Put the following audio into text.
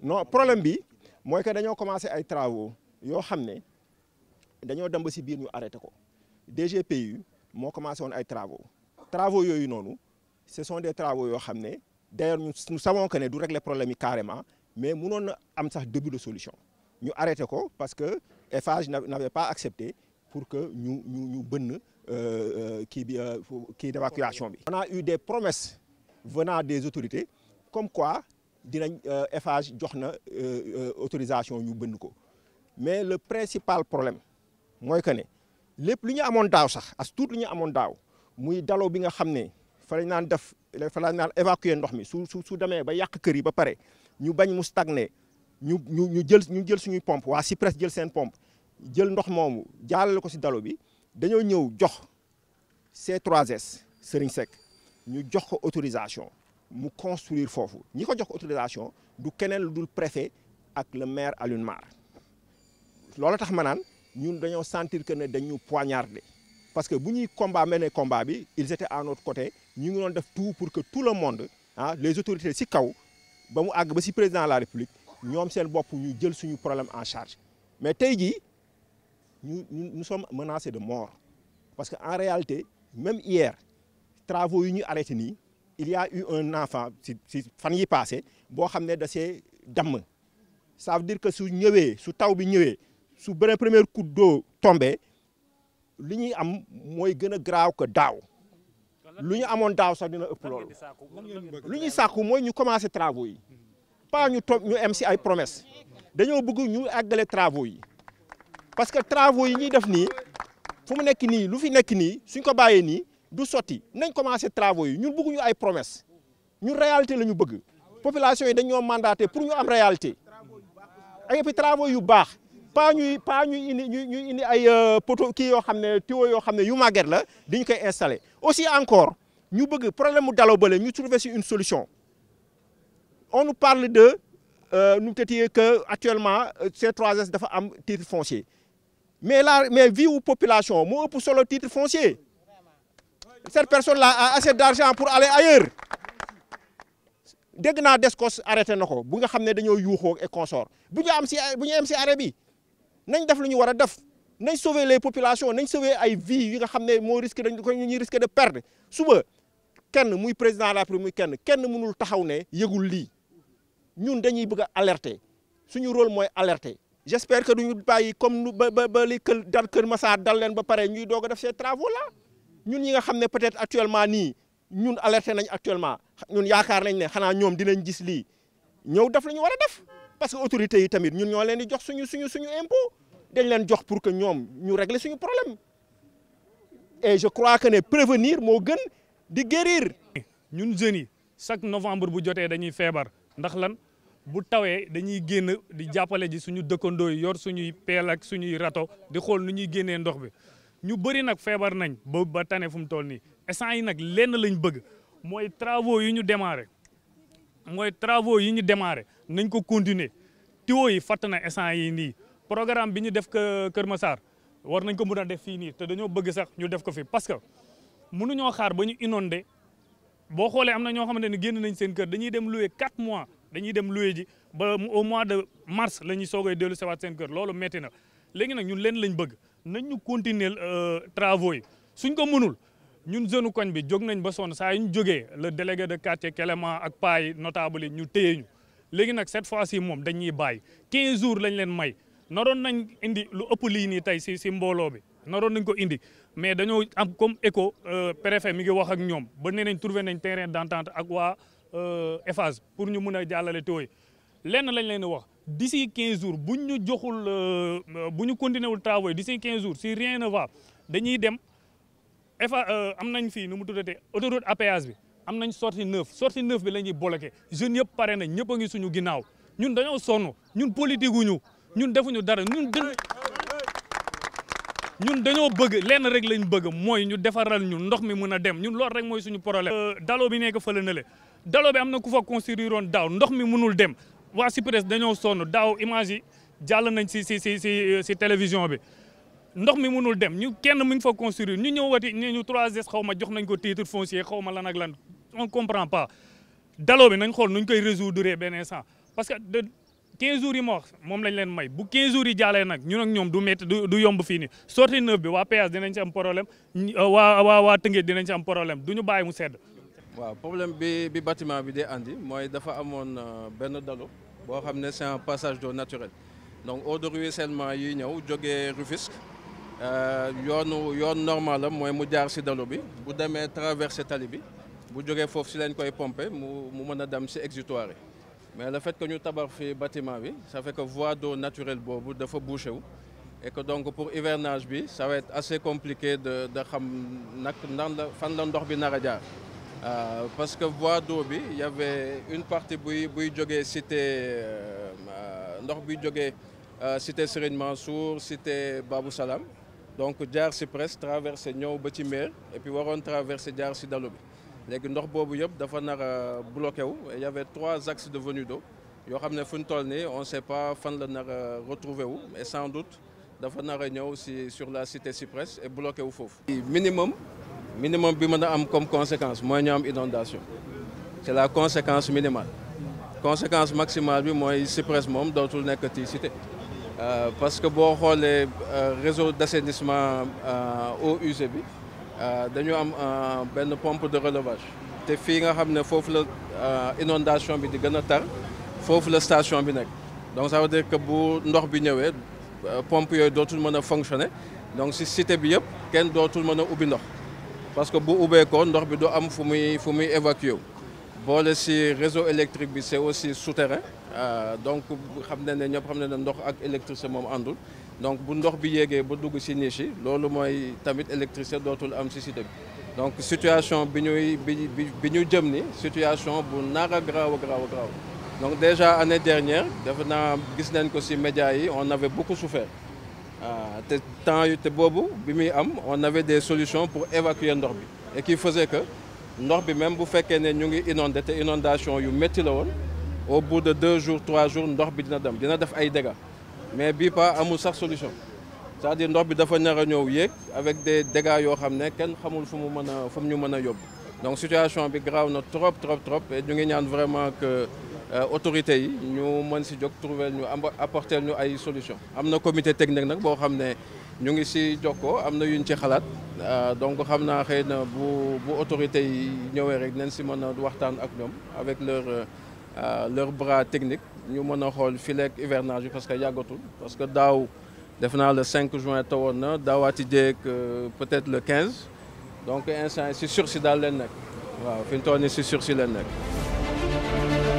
non problème bi mooy que dañoo commencé ay travaux yoo xam ne dañoo dem ba si biir ñu arrêté ko DGPU moo commencé woon ay travaux travaux yooyu noonu ce son des travaux yoo xam ne d'ailleurs nous savons que ne du régler problème bi carrément mais munoon na am sax début de solution ñu arrêté ko parce que Eiffage n'avait pas accepté pour que ñu ñu ñu bënn euh, euh, kii bi euh, kii d'évacuation bi. a des promesses venant des autorités comme quoi. dinañ euh, Eiffage jox na euh, euh, autorisation ñu bënd ko mais le principal problème mooy que ne lépp lu ñu amoon daaw sax as tuut lu ñu amoon daaw muy daloo bi nga xam ne fa lañ naan def fa lañ naan évacuer ndox mi su su su demee ba yàq kër yi ba pare ñu bañ mu stagner ñu ñu ñu jël ñu jël suñuy pompe waa Sipres jël seen pompe jël ndox moomu jaalale ko si dalo bi dañoo ñëw jox C3S Serigne Seck ñu jox ko autorisation mu construire foofu ñi ko jox autorisation du keneen lu dul préfet ak le maire Alioune Mar loolu tax ma naan ñun dañoo sentir que ne dañu poignardé parce que bu ñuy combat ne combat bi ils étaient à notre côté ñu ngi doon def tout pour que tout le monde ah les autorités si kaw ba mu àgg ba si président de la république ñoom seen bopp ñu jël suñu problème en charge mais tey jii ñu nous sommes menacés de mort parce que en réalité même hier travaux yi ñu arrêté nii. il y a un enfant si si fan yi passé boo xam ne dasee see damm ça veut dire que su ñëwee su taw bi ñëwee su beneen première coup d'eau tombé lu ñuy am mooy gën a graaw que daaw lu ñu amoon daaw sax dina ëpp loolu lu ñuy sàkku mooy ñu commencer travaux yi pas ñu ñu am si ay promesse dañoo bëgg ñu àggale travaux yi parce que travaux yi ñuy def nii fu mu nekk nii lu fi nekk nii suñ ko bàyyee nii du sotti nañ commencé travaux yi ñun bëgguñu ay promesse ñun réalité la ñu bëgg population yi dañoo mandaté pour ñu am réalité et puis travaux yu baax pas ñuy pas ñuy indi ñuy indi ay euh, poto kii yoo xam ne tuyau yoo xam ne yu màgget la dañu koy installé aussi encore ñu bëgg problème mu daloo bale ñu trouver si une solution on parle de nu mu tëddee que actuellement euh, C3S dafa am titre foncier mais la mais vie wu population moo ëpp solo titre foncier cette personne la a assez d'argent pour aller ailleurs dégg naa DSCOS arrêté na ko bu nga xam ne dañoo yuuxoo et consort bu ñu am si bu ñu am si arrêt bi nañ def lu ñu war a def nañ sauver les population nañ sauver ay vie yi nga xam ne moo risque dañ ko ñuy risque de perdre suba kenn muy président de la République muy kenn kenn mënul taxaw ne yëgul lii ñun dañuy bëgg alerte alerter suñu rôle mooy alerte alerter j'espère que duñu bàyyi comme ba ba ba li kël dal Kër Massar dal leen ba pare ñuy doog def see travaux là ñun ñi nga xam ne peut-être actuellement ni ñun alerté nañ actuellement ñun yaakaar nañ ne xanaa ñoom dinañ gis lii ñëw def la ñu war a parce que autorités yi tamit ñun ñoo leen di jox suñu suñu suñu impôt dañ leen jox pour que ñoom ñu régler suñu problème et je crois que ne prévenir moo gën di guérir. ñun jeunes yi chaque novembre bu jotee dañuy feebar ndax lan bu tawee dañuy génn di jàppale ji suñu dëkkandoo yi yor suñuy peel ak suñuy rato di xool nu ñuy génnee ndox bi. ñu bëri nag feebar nañ ba ba tane fu mu toll nii essence yi nag lenn lañ bëgg mooy travaux yi ñu demare mooy travaux yi ñu démarré nañ ko continuer tuyaux yi fatt na essant yi nii programme bi ñu def Kër Massar war nañ ko mën a def fii nii te dañoo bëgg sax ñu def ko fii parce que mënuñoo xaar ba ñu inondé boo xoolee am na ñoo xamante ne génn nañ seen kër dañuy dem loué 4 mois dañuy dem loué ji ba au mois de mars la ñuy soogay dellu sewaat seen kër loolu metti na léegi nag ñun leen lañ bëgg nañ ñu continuer euh, travaux yi suñ ko mënul ñun jeune koñ bi jóg nañ ba sonn saa yu ñu jógee le délégué de quartier Kéléma ak paa yi notable yi ñu téye ñu léegi nag cette fois si moom dañuy bàyyi 15 jours lañ leen may naroon nañ indi lu ëpp lii nii tey ci ci mbooloo bi naroon nañ ko indi mais dañoo am comme écho euh, préfet mi ngi wax ak ñoom ba nee nañ trouvé nañ terrain d'entente ak waa euh, Eiffage pour ñu mun a jàllale tooy lenn lañ leen di wax. d'ici 15 jours buñ ñu joxul euh, bu ñu continuer wul travaux yi d'ici 15 jours si rien ne va dañuy dem EFA euh, am nañ fii nu mu tuddatee autoroute à péage bi am nañ sortie neuf sortie neuf bi la ñuy bloqué jeunes yëpp pare nañ ñëpp ngi suñu ginnaaw ñun dañoo sonn ñun politique wuñu ñun defuñu dara ñun ñun dañoo bëgg lenn rek lañ bëgg mooy ñu defaral ñu ndox mi mën a dem ñun loolu rek mooy suñu problème. Euh, daloo bi nekk fële na le daloo bi am na ku fa construire woon daaw ndox mi mënul dem. waa si SUPRES dañoo sonn daaw image yi jàll nañ si si si si si télévision bi ndox mi mënul dem ñu kenn mu ngi fa construire ñu ñëw ñu ñu 3S xaw ma jox nañ ko titre foncier xaw ma lan ak lan on comprend pas daloo bi nañ xool nuñ koy résoudre benn instant parce que de 15 jours yi ma wax moom lañ leen may bu 15 jours yi jaalee nag ñun ak ñoom du métti du yomb fii nii sortie neuf bi waa péage dinañ ci am problème waa waa waa Tëngéej dinañ ci am problème du ñu bàyyi mu sedd. waaw problème bi bi bâtiment bi dee andi mooy dafa amoon euh, benn dalu boo xam ne c'est un passage d'eau naturelle donc eau de ruissellement yi ñëw jógee Rufisque euh, yoonu yoon normal am mooy mu jaar si dalu bi bu demee traversé tali bi bu jógee foofu si lañ koy pomper mu mu mën a dem si exutoire mais la fait ko ñu tabax fi bâtiment bi ça fait que voie d'eau naturel boobu dafa bouché wu et que donc pour hivernage bi ça va être assez compliqué de de xam nag nan la fan la ndox bi nar a jaar Euh, parce que voie do bi y une partie buy buy jógee cité euh, euh, ndox buy jógee cité Serigne Mansour cité Babou salaam donc jaar si presse traversé ñëw ba ci mer et waroon traversé jaar si dalu bi léegi ndox boobu yëpp dafa nar a bloqué wu y trois axes de venue do yoo xam ne fu ñu toll nii on sait pas fan la nar a retrouvé wu et doute dafa nar a ñëw si sur la cité Cyprès et bloqué wu foofu. minimum. minimum bi mën a am comme conséquence mooy ñu am inondation c'est la conséquence minimale conséquence maximale bi mooy Sipres moom dootul nekk nekkati cité euh, parce que boo xoolee euh, réseau d'assainissement euh, au usée bi dañu am benn pompe de relevage te fii nga xam ne foofu la inondation bi di gën a tar foofu la station bi nekk donc ça veut dire que bu ndox bi ñëwee pompe yooyu dootul mën a fonctionner donc si cité bi yëpp kenn dootul mën a ubbi ndox parce que bu ubbeekoo ndox bi du am fu muy fu muy évacuer boole si réseau électrique bi c'est aussi souterrain euh, donc xam na ne ñëpp xam ne ne ndox ak électricité moom àndul donc bu ndox bi yéegee ba dugg si niche loolu mooy tamit électricité dootul am si cité bi donc situation bi ñuy bi bi ñu jëm ni situation bu nar graw graaw a graaw a graaw donc déjà année dernière def naa gis nañ ko si médias yi on avait beaucoup souffert waaw te temps yu te boobu bi muy am on avait des solutions pour évacuer ndox bi et qui faisait que ndox bi même bu fekkee ne ñu ngi inondé te inondation yu métti la woon au bout de deux jours trois jours ndox bi dina dem dina def ay dégâts mais bii pas amul sax solution cest dire ndox bi dafa nar a ñëw yéeg avec des dégâts yoo xam ne kenn xamul fu mu mën a fu mu ñu mën a yóbbu donc situation bi grave na trop trop trop ñu ngi ñaan vraiment que Euh, autorités yi ñu mën si jóg trouver ñu apporter ñu ay solution am na comité technique nag boo xam ne ñu ngi si jokkoo am na yu yuñ ci xalaat euh, donc xam naa xëy na bu bu autorité yi ñëwee rek nañ si mën a waxtaan ak ñoom avec leur euh, leur bras technique ñu mën a xool fileeg hivernage bi parce que yàggatul parce que daaw def naa le 5 juin tawoon na daawaati jéeg peut-être le quinze donc instant si sursis daal leen nekk waaw fi ñu toll nii si sursis leen nekk.